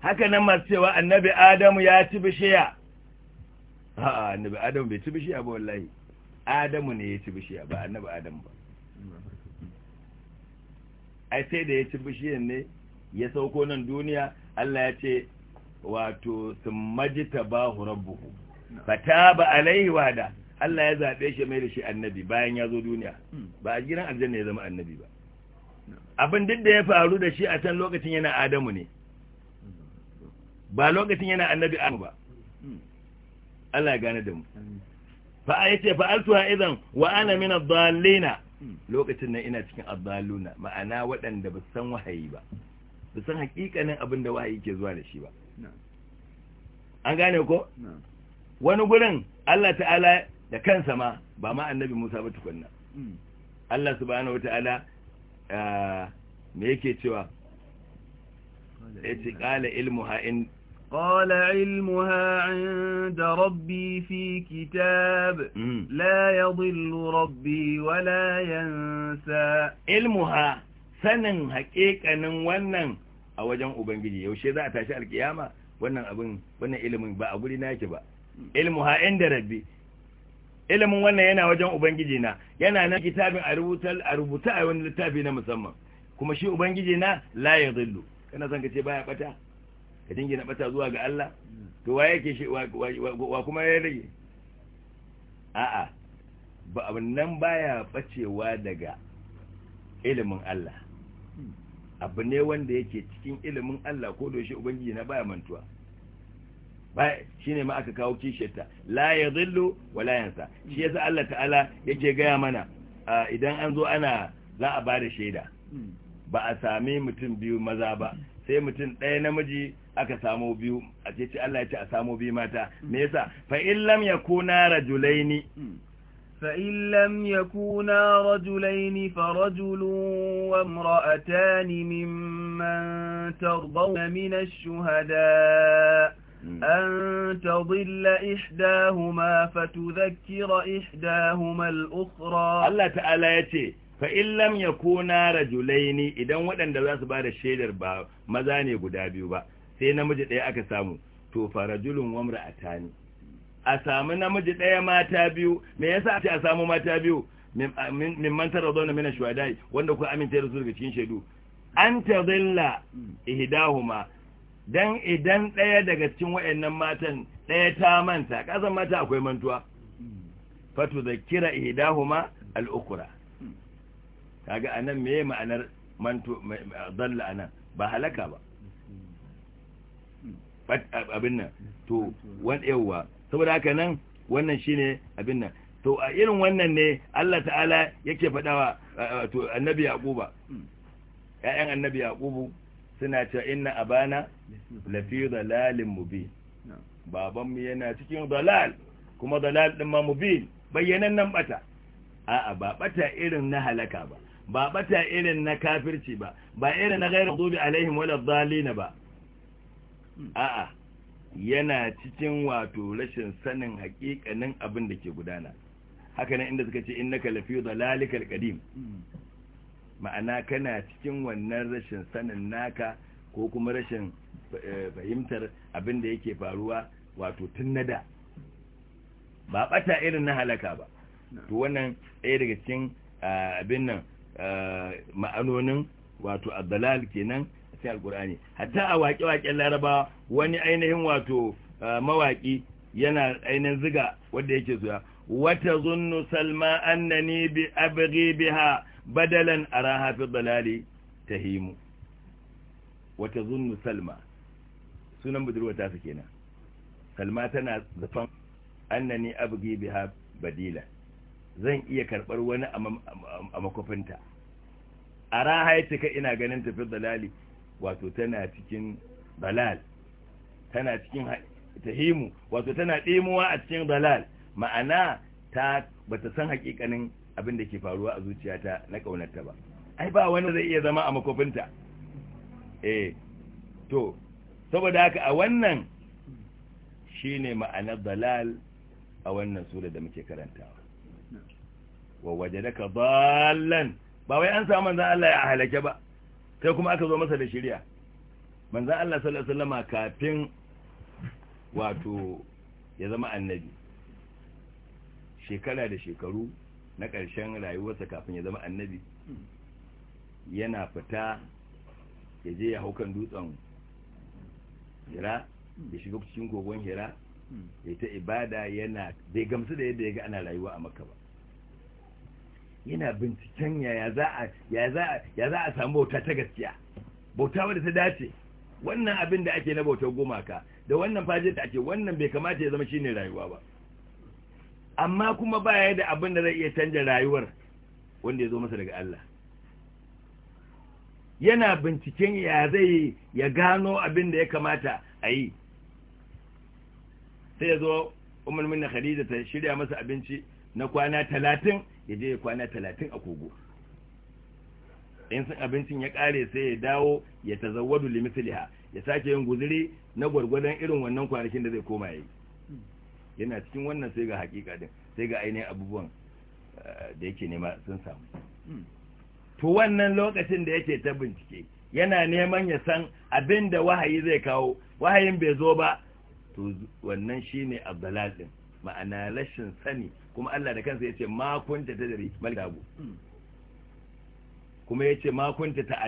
haka nan masu cewa annabi adamu ya ci bishiya a'a annabi adamu bai ci bishiya ba wallahi adamu ne ya ci bishiya ba annabi adamu ba ai sai da ya ci bishiyan ne ya sauko nan duniya Allah ya ce wato summajita bahu rabbuhu fataba alaihi wada Allah ya zaɓe shi mai da shi annabi bayan ya zo duniya hmm. ba a gidan aljanna ya zama annabi ba abin duk da ya faru da shi a can lokacin yana Adamu ne ba lokacin yana annabi Adamu ba hmm. Allah ya gane da mu fa yace fa altuha idan wa ana min adallina hmm. lokacin nan ina cikin adalluna ma'ana waɗanda ba san wahayi ba ba san hakikanin abin da wahayi ke zuwa da shi ba an gane ko wani gurin Allah ta'ala da kansa ma ba ma annabi Musa ba tukunna hmm. Allah subhanahu wata'ala ah, me yake cewa yace qala ilmuha in قال علمها عند ربي في كتاب لا يضل ربي ولا ينسى sanin haƙiƙanin wannan a wajen ubangiji yaushe za a tashi alkiyama wannan abin wannan ilimin ba a guri na yake ba ilmu ha inda rabbi ilimin wannan yana wajen ubangiji na yana na kitabin a rubuta a rubuta a wani littafi na musamman kuma shi ubangiji na la ya zillu kana san ka ce baya bata ka dingina bata zuwa ga Allah to wa yake shi wa kuma ya rage a'a ba abin nan baya bacewa daga ilimin Allah abu ne wanda yake cikin ilimin Allah ko da shi ubangiji na baya mantuwa bai shine ma aka kawo kishiyarta la ya yadhillu wa la yansa shi yasa Allah ta'ala yake gaya mana idan an zo ana za a bada shaida ba a sami mutum biyu maza ba sai mutum ɗaya namiji aka samo biyu a ce Allah ya ce a samo biyu mata me yasa fa in lam yakuna rajulaini فإن لم يكونا رجلين فرجل وامرأتان ممن ترضون من الشهداء أن تضل إحداهما فتذكر إحداهما الأخرى الله تعالى يتي فإن لم يكونا رجلين إذا ودن دلاس بعد الشيدر با مزاني قدابي با سينا مجد إيه أكسامو تو فرجل وامرأتان a samu namiji ɗaya mata biyu me yasa a samu mata biyu min mantar da zaune mina shuwadai wanda ku aminta da su daga cikin shaidu an ta zilla ihdahuma dan idan ɗaya daga cikin wayannan matan ɗaya ta manta kasan mata akwai mantuwa fatu zakira ihdahuma al Al'ukura. kaga anan me ma'anar mantu zalla anan ba halaka ba abin nan to wani yawwa saboda haka nan wannan shine abin nan to a irin wannan ne Allah ta'ala yake faɗawa to annabi yaquba ƴaƴan hmm. annabi yaqubu suna cewa inna abana lafi dalalin mubin baban mu yana cikin dalal kuma dalal din ma mubin bayyanan nan bata a'a ba bata irin na halaka ba ba bata irin na kafirci ba ba irin na ghairu dubi alaihim wala dhalin ba hmm. a'a yana cikin wato rashin sanin hakikanin abin da ke gudana haka nan inda suka ce innaka lafi dalalikal qadim ma'ana kana cikin wannan rashin sanin naka ko kuma rashin eh, fahimtar abin da yake faruwa wato tun nada ba ɓata irin na halaka ba to wannan ɗaya daga cikin ah, abin nan ah, ma'anonin wato ad-dalal kenan sai alkur'ani hatta a waƙe-waƙen laraba wani ainihin wato ah, mawaƙi yana ainihin ziga wanda yake zuwa wata zunnu salma annani bi abghi biha badalan araha fi dalali tahimu wata zunnu salma sunan budurwa ta su kenan salma tana zafan annani abghi biha badila zan iya karɓar wani a makwafinta Araha raha ya cika ina ganin tafi dalali wato tana cikin balal tana cikin tahimu wato tana ɗemowa a cikin balal ma'ana ta bata san hakikanin abin da ke faruwa a zuciyata na ƙaunarta ba ai ba wani zai iya zama a makofinta eh to saboda haka a wannan shine ma'ana dalal a wannan sura da muke karantawa wa wajadaka ballan ba wai an samu manzon Allah ya halake ba sai kuma aka zo masa da shirya manzan Allah sallallahu Alaihi kafin wato ya zama annabi shekara da shekaru na ƙarshen rayuwarsa kafin ya zama annabi yana fita ya je ya haukan dutsen hira ya shiga cikin kogon hira ya ta ibada yana bai gamsu da yadda ya ga ana rayuwa a makka ba yana binciken ya za a samu bauta ta gaskiya bauta wadda ta dace wannan abin da ake na bautar gumaka da wannan fajin da ake wannan bai kamata ya zama shine rayuwa ba amma kuma ba baya da abin da zai iya canja rayuwar wanda ya zo masa daga Allah yana binciken ya zai ya gano abin da ya kamata a yi sai ya zo umar na khadija ta shirya masa abinci na kwana talatin ya je ya kwana talatin a kogo in sun abincin ya kare sai ya dawo ya tazawwadu limisliha ya sake yin guzuri na gwargwadon irin wannan kwanakin da zai koma yi yana cikin wannan sai ga hakika din sai ga ainihin abubuwan eh, da yake nema sun samu to wannan lokacin da yake ta bincike yana neman ya san abin da wahayi zai kawo wahayin bai zo ba to wannan shine abdalal din ma'ana rashin sani kuma Allah da kansa yace ma kunta ta mal kitabu hmm. kuma ya ce ma kunta ha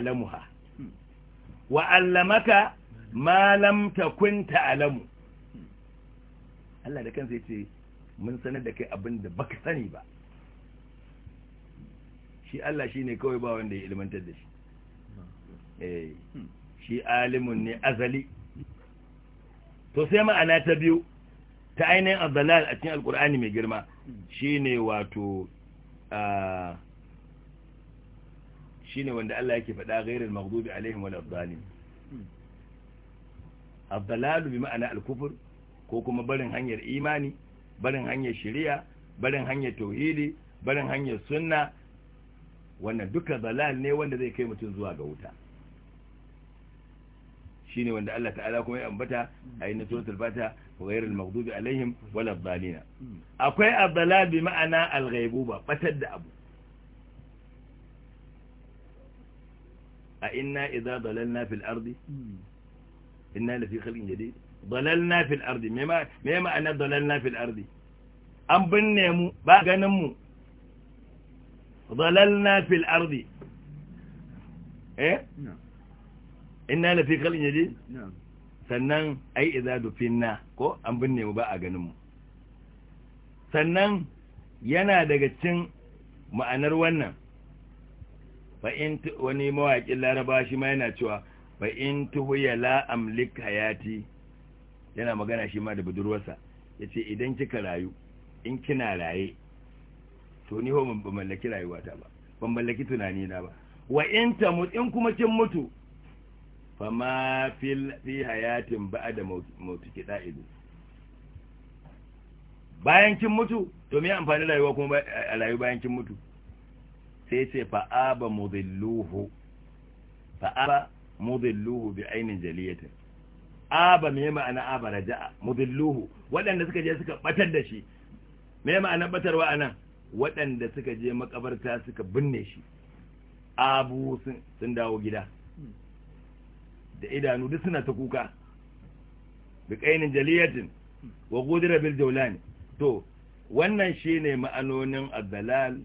hmm. wa allamaka ma lam kunta alamu. Allah da kansa ya ce mun sanar da kai abin da baka sani ba shi Allah shi ne kawai ba wanda ya ilmantar da shi eh, hmm. shi alimun ne azali to sai ma'ana ta biyu ta ainihin abdalal a cikin alkur'ani mai girma shine wato shine wanda Allah yake faɗa ghairul maghdubi alaihim wal adhdhalin abdalal bi ma'ana al-kufr ko kuma barin hanyar imani barin hanyar shari'a barin hanyar tauhidi barin hanyar sunna wannan duka dalal ne wanda zai kai mutum zuwa ga wuta shine wanda Allah ta'ala kuma ya ambata a yin suratul fatiha wa ghayril maghdubi alaihim walad dalina akwai abdala bi ma'ana al-ghaibuba batar da abu a inna idza dalalna fil ardi inna lafi khalqin jadid dalalna fil ardi me ma me ma'ana dalalna fil ardi an binne mu ba ganin mu dalalna fil ardi eh inna fi kalin yaje sannan ai idza dufinna ko an binne mu ba a ganin mu sannan yana daga cin ma'anar wannan fa in wani mawaƙin laraba shi ma yana cewa fa in ya la amlik hayati yana magana shi ma da budurwarsa yace idan kika rayu in kina raye to ni ho ban mallaki rayuwata ba ban mallaki tunani na ba wa in tamut in kuma kin mutu fama fi hayatin ba da kiɗa ido. bayan kin mutu to me amfani rayuwa kuma a rayu bayan kin mutu sai ce fa'aba mudilluhu fa'aba mudilluhu bi ainin jaliyata aba me ma'ana aba raja'a mudilluhu waɗanda suka je suka batar da shi me ma'ana batarwa anan waɗanda suka je makabarta suka binne shi abu sun dawo gida da idanu duk suna ta kuka bi kainin jaliyatin wa qudira bil jawlani to wannan shine ma'anonin ad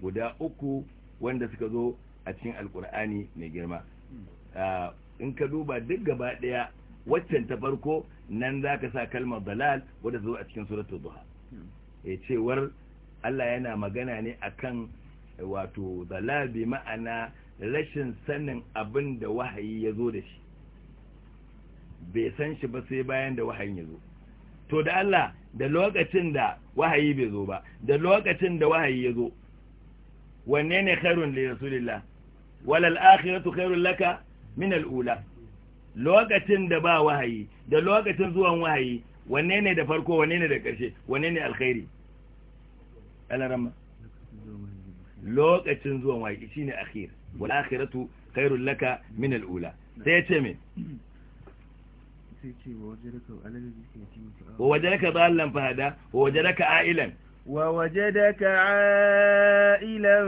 guda uku wanda suka zo a cikin alkur'ani mai girma in ka duba duk gaba daya waccan ta farko nan za ka sa kalmar dalal wadda zo a cikin suratul duha ya cewar Allah yana magana ne akan wato dalal bi ma'ana rashin sanin abin da wahayi ya zo da shi bai san shi ba sai bayan da wahayin ya zo to da Allah da lokacin da wahayi bai zo ba da lokacin da wahayi ya zo wanne ne khairun li rasulillah walal akhiratu khairul laka min al ula lokacin da ba wahayi da lokacin zuwan wahayi wanne ne da farko wanne ne da ƙarshe wanne ne alkhairi alarama lokacin zuwan wahayi shine akhir wal akhiratu khairul laka min al ula sai ya ce me wa wajadaka alalin rizikin ci mutu'a. Wa wajadaka ba Allahn fahada, wa wajadaka a'ilan. Wa wajadaka a'ilan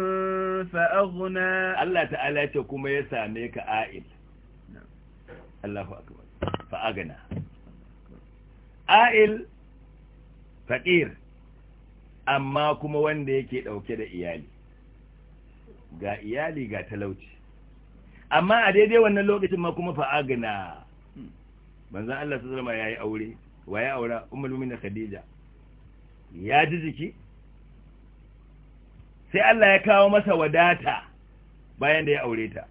fa'aghuna. Allah ta'ala ce kuma ya same ka a'il. Allahu akbar. Fa'agana. A'il faqir amma kuma wanda yake dauke da iyali. Ga iyali ga talauci. Amma a daidai wannan lokacin ma kuma fa'agana. manzan Allah su zama ya yi aure wa ya aura umar mumina khadija ya ji jiki sai Allah ya kawo masa wadata bayan da ya aure ta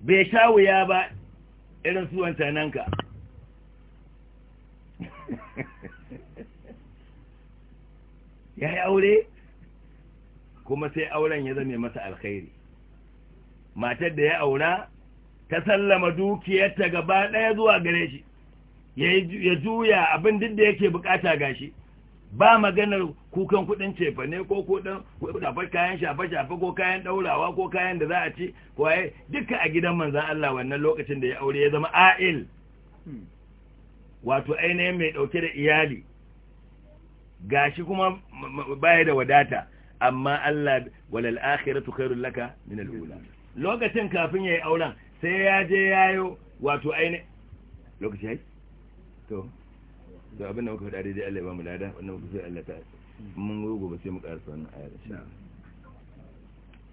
bai sha wuya ba irin suwan nanka. ya yi aure kuma sai auren ya zame masa alkhairi matar da ya aura ta sallama dukiyarta gaba ɗaya zuwa gare shi ya juya abin duk da yake bukata gashi ba maganar kukan kuɗin cefa ne ko kudin shafar kayan shafe-shafe ko kayan ɗaurawa ko kayan da za a ci kwaye duka a gidan manzan Allah wannan lokacin da ya aure ya zama a'il wato ainihin mai ɗauke da iyali gashi kuma baya da wadata amma Allah walal akhiratu khairul laka min lokacin kafin yayi auren sai ya je yayo wato aini lokaci yi to da abin da muka faɗa daidai Allah ya ba mu lada wannan muka sai Allah ta mun gogo ba sai mu karasa wannan ayar shi